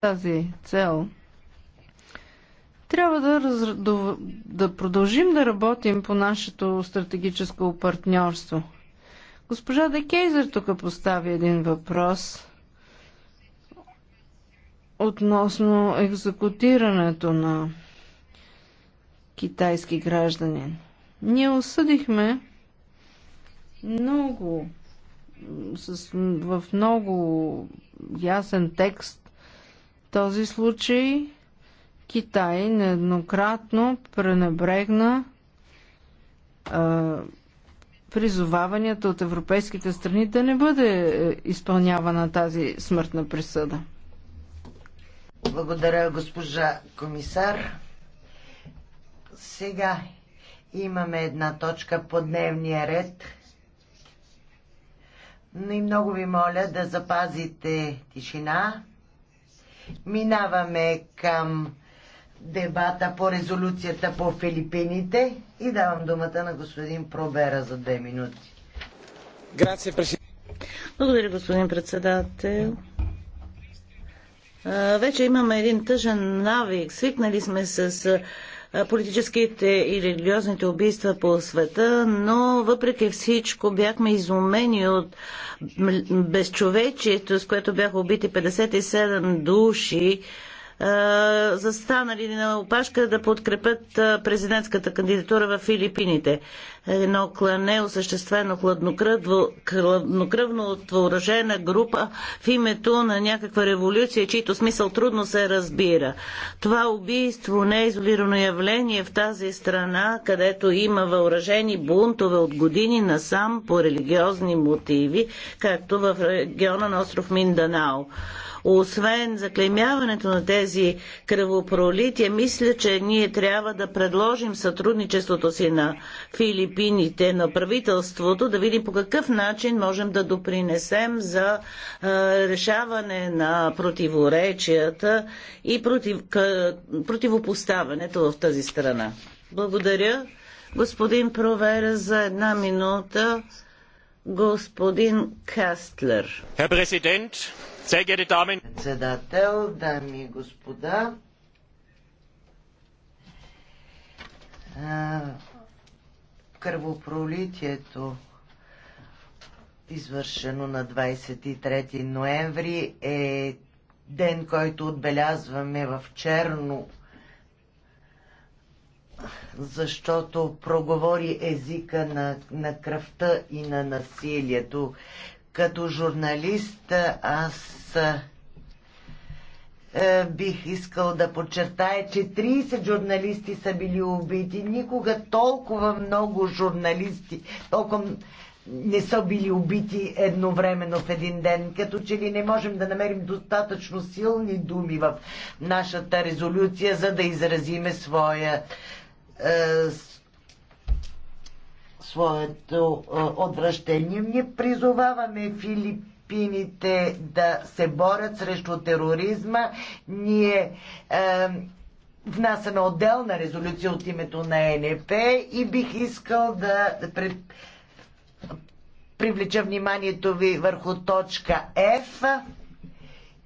тази цел. Трябва да, раздов... да продължим да работим по нашето стратегическо партньорство. Госпожа Декейзер тук постави един въпрос относно екзекутирането на китайски граждани. Ние осъдихме много, с, в много ясен текст този случай Китай нееднократно пренебрегна а, призоваванията от европейските страни да не бъде е, изпълнявана тази смъртна присъда. Благодаря, госпожа комисар. Сега имаме една точка по дневния ред. Но и много ви моля да запазите тишина Минаваме към дебата по резолюцията по Филипините и давам думата на господин Пробера за две минути. Благодаря, господин председател. Вече имаме един тъжен навик. Свикнали сме с политическите и религиозните убийства по света, но въпреки всичко бяхме изумени от безчовечието, с което бяха убити 57 души, застанали на опашка да подкрепят президентската кандидатура в Филипините едно клане, осъществено хладнокръвно, хладнокръвно от въоръжена група в името на някаква революция, чийто смисъл трудно се разбира. Това убийство не е изолирано явление в тази страна, където има въоръжени бунтове от години насам по религиозни мотиви, както в региона на остров Минданао освен заклеймяването на тези кръвопролития, мисля, че ние трябва да предложим сътрудничеството си на Филипините дисциплините на правителството, да видим по какъв начин можем да допринесем за решаване на противоречията и против, противопоставянето в тази страна. Благодаря. Господин Провера за една минута. Господин Кастлер. Председател, дами и господа, кръвопролитието, извършено на 23 ноември, е ден, който отбелязваме в черно, защото проговори езика на, на кръвта и на насилието. Като журналист аз е, бих искал да подчертая, че 30 журналисти са били убити. Никога толкова много журналисти, толкова не са били убити едновременно в един ден. Като че ли не можем да намерим достатъчно силни думи в нашата резолюция, за да изразиме своя е, своето е, отвращение. Ние призоваваме Филип филипините да се борят срещу тероризма. Ние е, внасяме отделна резолюция от името на НП, и бих искал да пред... привлеча вниманието ви върху точка F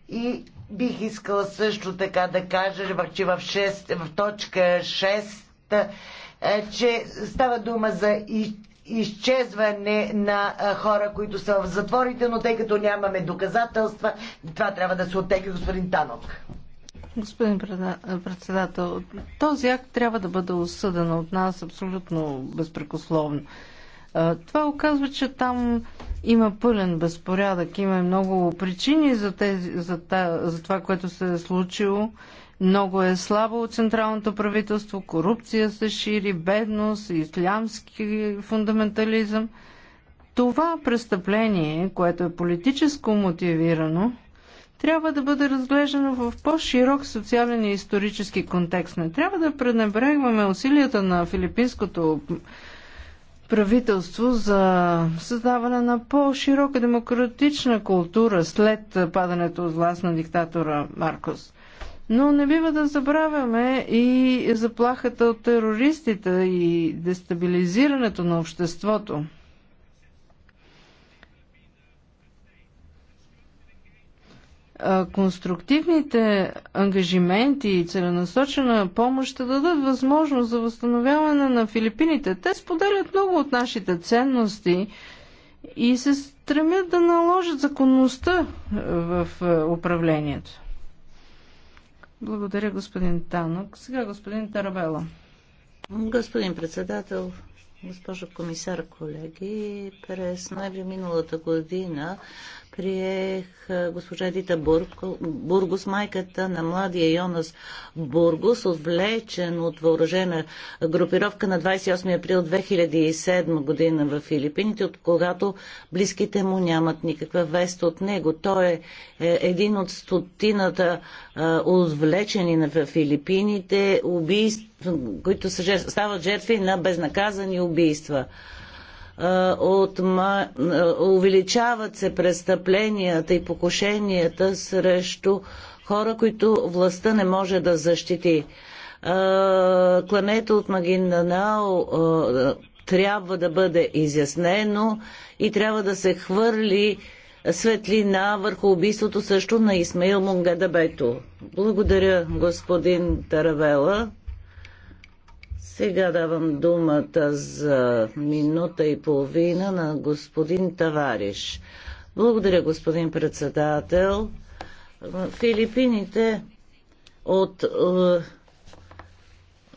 и бих искала също така да кажа, че в, 6, в точка 6 е, че става дума за и изчезване на хора, които са в затворите, но тъй като нямаме доказателства, това трябва да се оттегли господин Танок. Господин председател, този акт трябва да бъде осъден от нас абсолютно безпрекословно. Това оказва, че там има пълен безпорядък, има много причини за, тези, за, та, за това, което се е случило. Много е слабо от централното правителство, корупция се шири, бедност, ислямски фундаментализъм. Това престъпление, което е политическо мотивирано, трябва да бъде разглеждано в по-широк социален и исторически контекст. Не трябва да пренебрегваме усилията на филипинското правителство за създаване на по-широка демократична култура след падането от власт на диктатора Маркос. Но не бива да забравяме и заплахата от терористите и дестабилизирането на обществото. конструктивните ангажименти и целенасочена помощ ще дадат възможност за възстановяване на Филипините. Те споделят много от нашите ценности и се стремят да наложат законността в управлението. Благодаря, господин Танок. Сега господин Тарабела. Господин председател, госпожо комисар, колеги, през ноември миналата година приех госпожа Дита Бургус, майката на младия Йонас Бургус, отвлечен от въоръжена групировка на 28 април 2007 година в Филипините, от когато близките му нямат никаква вест от него. Той е, е един от стотината отвлечени в Филипините, убийств, които стават жертви на безнаказани убийства. Е, от е, увеличават се престъпленията и покушенията срещу хора, които властта не може да защити. Е, клането от Магинданао трябва да бъде изяснено и трябва да се хвърли светлина върху убийството също на Исмаил Мунгадабето. Благодаря, господин Таравела. Сега давам думата за минута и половина на господин Тавариш. Благодаря, господин председател. Филипините от е,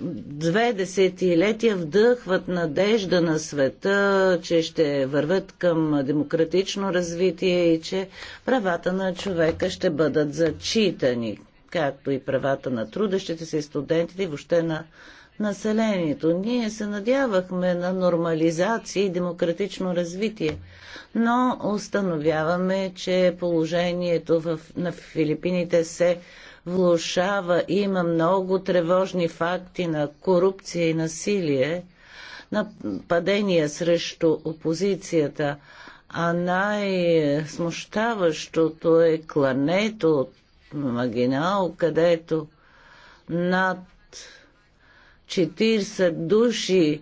две десетилетия вдъхват надежда на света, че ще върват към демократично развитие и че правата на човека ще бъдат зачитани, както и правата на трудещите се, студентите и въобще на населението. Ние се надявахме на нормализация и демократично развитие, но установяваме, че положението в, на Филипините се влушава. Има много тревожни факти на корупция и насилие, на падения срещу опозицията, а най-смущаващото е клането от магинал, където над 40 души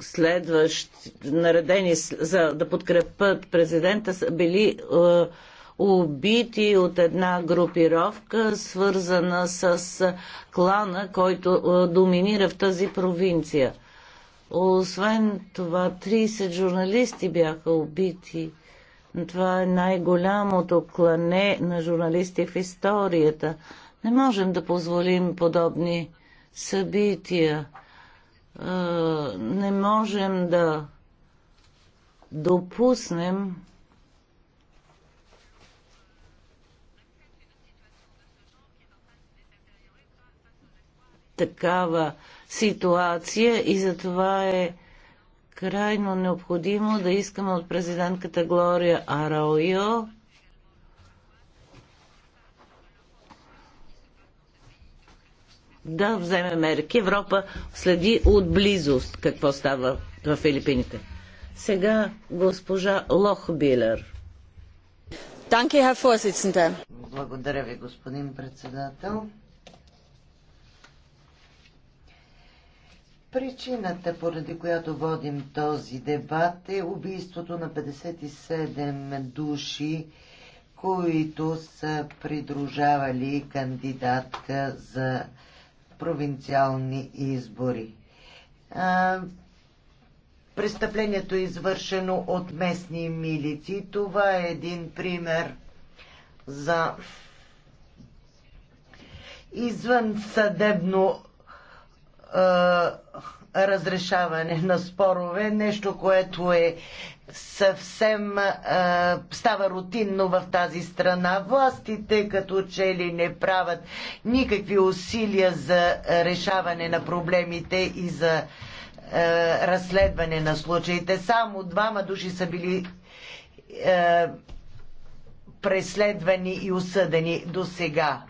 следващи, наредени за да подкрепят президента, са били убити от една групировка, свързана с клана, който доминира в тази провинция. Освен това, 30 журналисти бяха убити. Това е най-голямото клане на журналисти в историята. Не можем да позволим подобни събития. Не можем да допуснем такава ситуация и затова е крайно необходимо да искаме от президентката Глория Араойо. да вземе мерки. Европа следи от близост какво става в Филипините. Сега госпожа Лохбилер. Благодаря ви, господин председател. Причината, поради която водим този дебат, е убийството на 57 души, които са придружавали кандидатка за провинциални избори. престъплението е извършено от местни милици. Това е един пример за извън съдебно разрешаване на спорове, нещо, което е съвсем а, става рутинно в тази страна. Властите като че ли не правят никакви усилия за решаване на проблемите и за а, разследване на случаите. Само двама души са били а, преследвани и осъдени до сега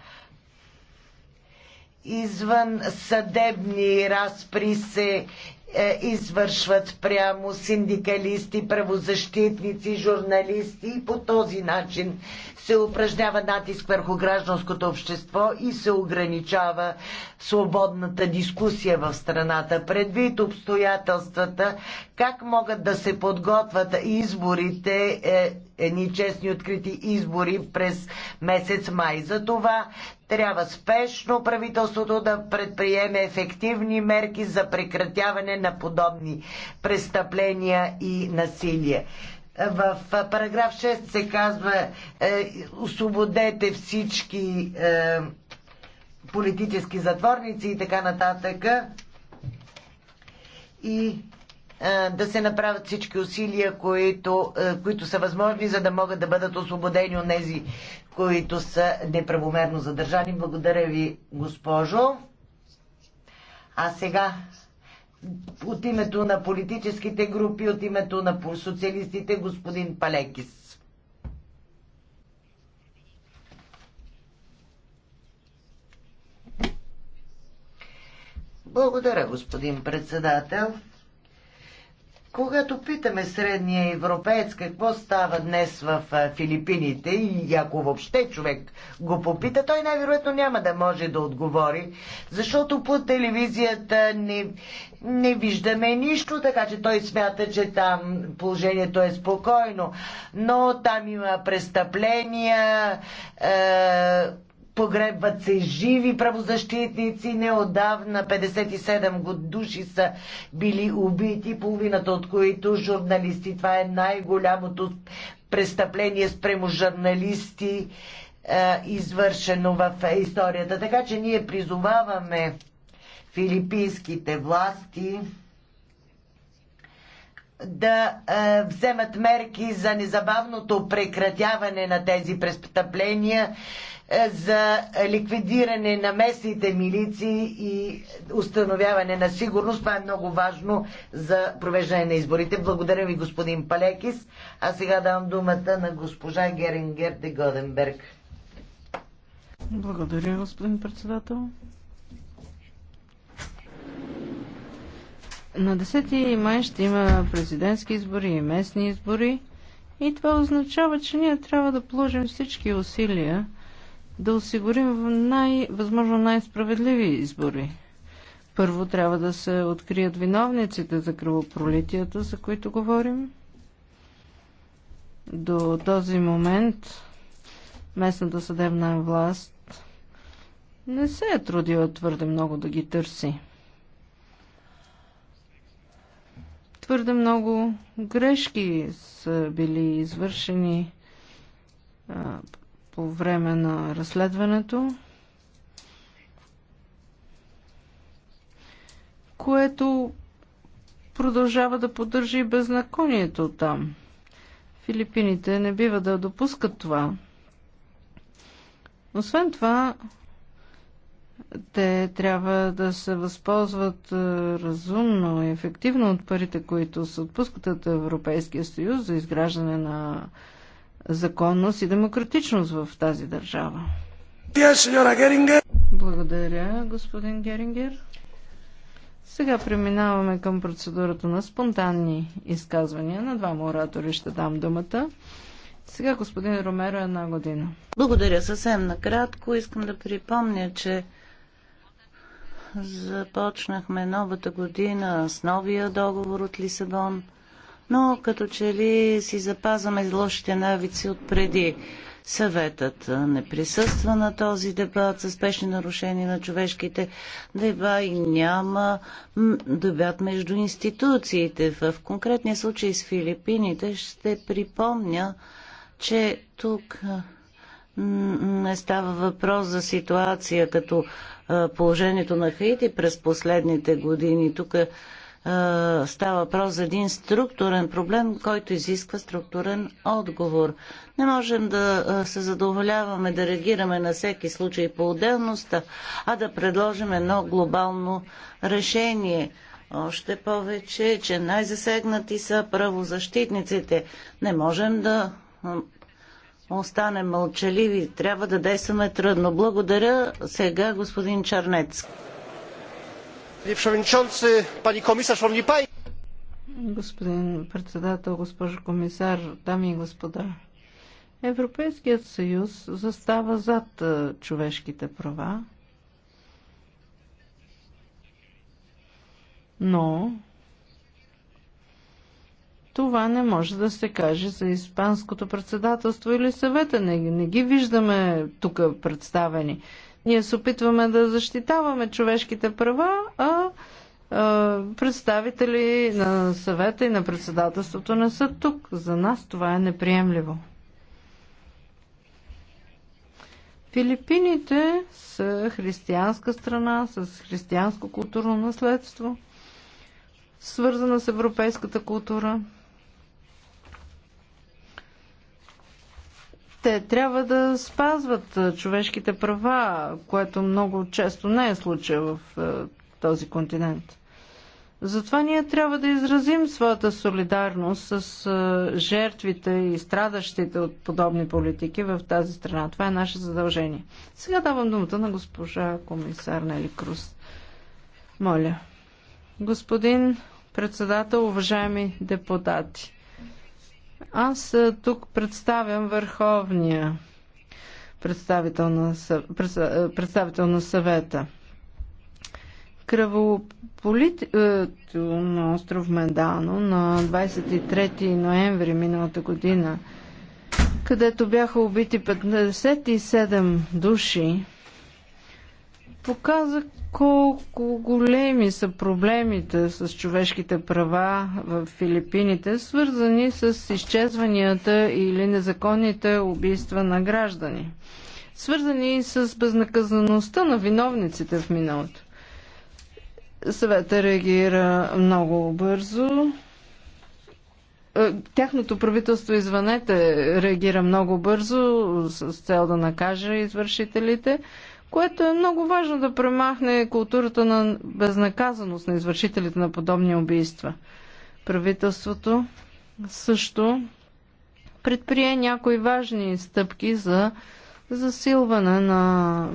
извън съдебни разпри се е, извършват прямо синдикалисти, правозащитници, журналисти и по този начин се упражнява натиск върху гражданското общество и се ограничава свободната дискусия в страната. Предвид обстоятелствата, как могат да се подготвят изборите, е, едни честни открити избори през месец май. За това трябва спешно правителството да предприеме ефективни мерки за прекратяване на подобни престъпления и насилие. В параграф 6 се казва е, освободете всички е, политически затворници и така нататък. И е, да се направят всички усилия, които, е, които са възможни, за да могат да бъдат освободени от тези които са неправомерно задържани. Благодаря ви, госпожо. А сега от името на политическите групи, от името на социалистите, господин Палекис. Благодаря, господин председател. Когато питаме средния европеец какво става днес в Филипините и ако въобще човек го попита, той най-вероятно няма да може да отговори, защото по телевизията не, не виждаме нищо, така че той смята, че там положението е спокойно. Но там има престъпления, е Погребват се живи правозащитници. Неодавна 57 души са били убити, половината от които журналисти. Това е най-голямото престъпление спрямо журналисти, е, извършено в историята. Така че ние призоваваме филипинските власти да е, вземат мерки за незабавното прекратяване на тези престъпления е, за ликвидиране на местните милиции и установяване на сигурност. Това е много важно за провеждане на изборите. Благодаря ви, господин Палекис. А сега давам думата на госпожа Герингер де Годенберг. Благодаря, господин председател. На 10 май ще има президентски избори и местни избори. И това означава, че ние трябва да положим всички усилия да осигурим най, възможно най-справедливи избори. Първо трябва да се открият виновниците за кръвопролитията, за които говорим. До този момент местната съдебна власт не се е трудила твърде много да ги търси. Твърде много грешки са били извършени по време на разследването, което продължава да поддържи и беззаконието там. Филипините не бива да допускат това. Освен това, те трябва да се възползват е, разумно и ефективно от парите, които се отпускат от Европейския съюз за изграждане на законност и демократичност в тази държава. Благодаря, господин Герингер. Сега преминаваме към процедурата на спонтанни изказвания. На двама оратори ще дам думата. Сега господин Ромеро една година. Благодаря. Съвсем накратко искам да припомня, че започнахме новата година с новия договор от Лисабон – но като че ли си запазваме лошите навици от преди. Съветът не присъства на този дебат за спешни нарушения на човешките деба и няма дебат между институциите. В конкретния случай с Филипините ще припомня, че тук не става въпрос за ситуация като положението на Хаити през последните години. Тук става въпрос за един структурен проблем, който изисква структурен отговор. Не можем да се задоволяваме да реагираме на всеки случай по отделността, а да предложим едно глобално решение. Още повече, че най-засегнати са правозащитниците. Не можем да останем мълчаливи. Трябва да действаме трудно. Благодаря сега господин Чарнецки. Господин председател, госпожо комисар, дами и господа. Европейският съюз застава зад е, човешките права, но това не може да се каже за Испанското председателство или съвета. Не, не ги виждаме тук представени. Ние се опитваме да защитаваме човешките права, а представители на съвета и на председателството не са тук. За нас това е неприемливо. Филипините са християнска страна с християнско културно наследство, свързана с европейската култура. те трябва да спазват човешките права, което много често не е случая в този континент. Затова ние трябва да изразим своята солидарност с жертвите и страдащите от подобни политики в тази страна. Това е наше задължение. Сега давам думата на госпожа комисар Нели Крус. Моля. Господин председател, уважаеми депутати. Аз тук представям върховния представител на, представител на съвета. Кръвополитието на остров Медано на 23 ноември миналата година, където бяха убити 57 души, показа колко големи са проблемите с човешките права в Филипините, свързани с изчезванията или незаконните убийства на граждани, свързани с безнаказаността на виновниците в миналото. Съвета реагира много бързо. Е, тяхното правителство, извънете, реагира много бързо с цел да накаже извършителите което е много важно да премахне културата на безнаказаност на извършителите на подобни убийства. Правителството също предприе някои важни стъпки за засилване на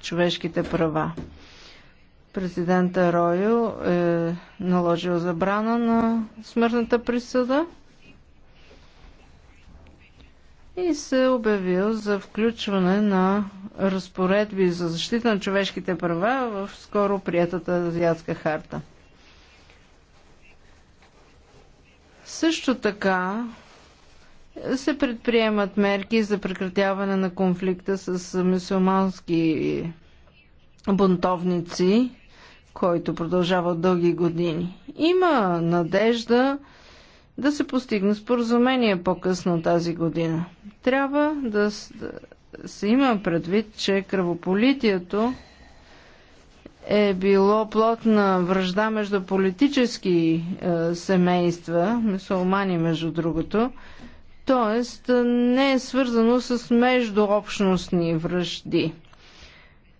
човешките права. Президента Ройо е наложил забрана на смъртната присъда – и се е обявил за включване на разпоредби за защита на човешките права в скоро приятата азиатска харта. Също така се предприемат мерки за прекратяване на конфликта с мусулмански бунтовници, който продължава дълги години. Има надежда да се постигне споразумение по-късно тази година. Трябва да се има предвид, че кръвополитието е било плод на връжда между политически е, семейства, мусулмани между другото, т.е. не е свързано с междуобщностни връжди.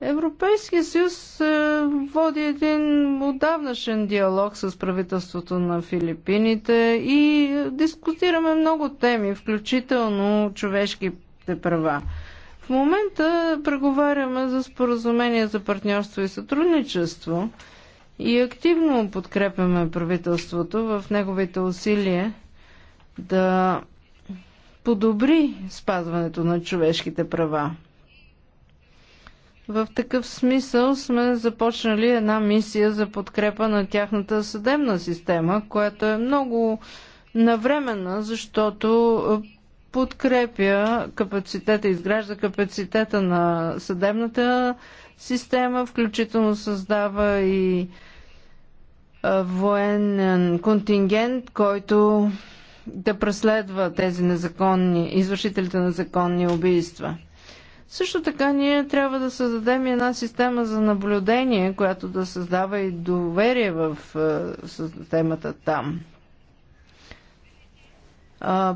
Европейския съюз е, води един отдавнашен диалог с правителството на Филипините и дискутираме много теми, включително човешките права. В момента преговаряме за споразумение за партньорство и сътрудничество и активно подкрепяме правителството в неговите усилия да подобри спазването на човешките права. В такъв смисъл сме започнали една мисия за подкрепа на тяхната съдебна система, която е много навременна, защото подкрепя капацитета, изгражда капацитета на съдебната система, включително създава и военен контингент, който да преследва тези незаконни, извършителите на законни убийства. Също така ние трябва да създадем една система за наблюдение, която да създава и доверие в е, системата там.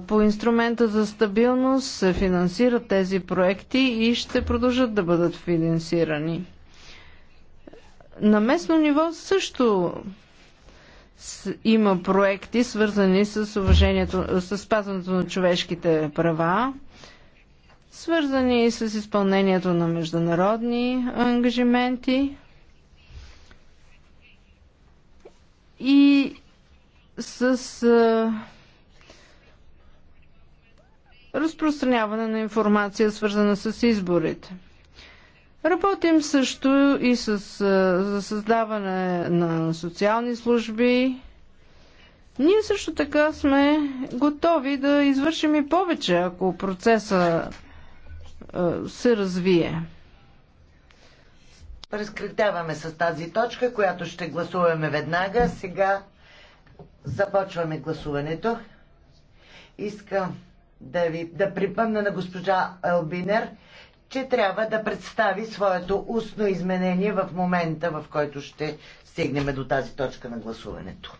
По инструмента за стабилност се финансират тези проекти и ще продължат да бъдат финансирани. На местно ниво също има проекти, свързани с, уважението, с спазването на човешките права свързани с изпълнението на международни ангажименти и с разпространяване на информация, свързана с изборите. Работим също и с, за създаване на социални служби. Ние също така сме готови да извършим и повече, ако процеса се развие. Разкритяваме с тази точка, която ще гласуваме веднага. Сега започваме гласуването. Искам да ви да припомня на госпожа Албинер, че трябва да представи своето устно изменение в момента, в който ще стигнем до тази точка на гласуването.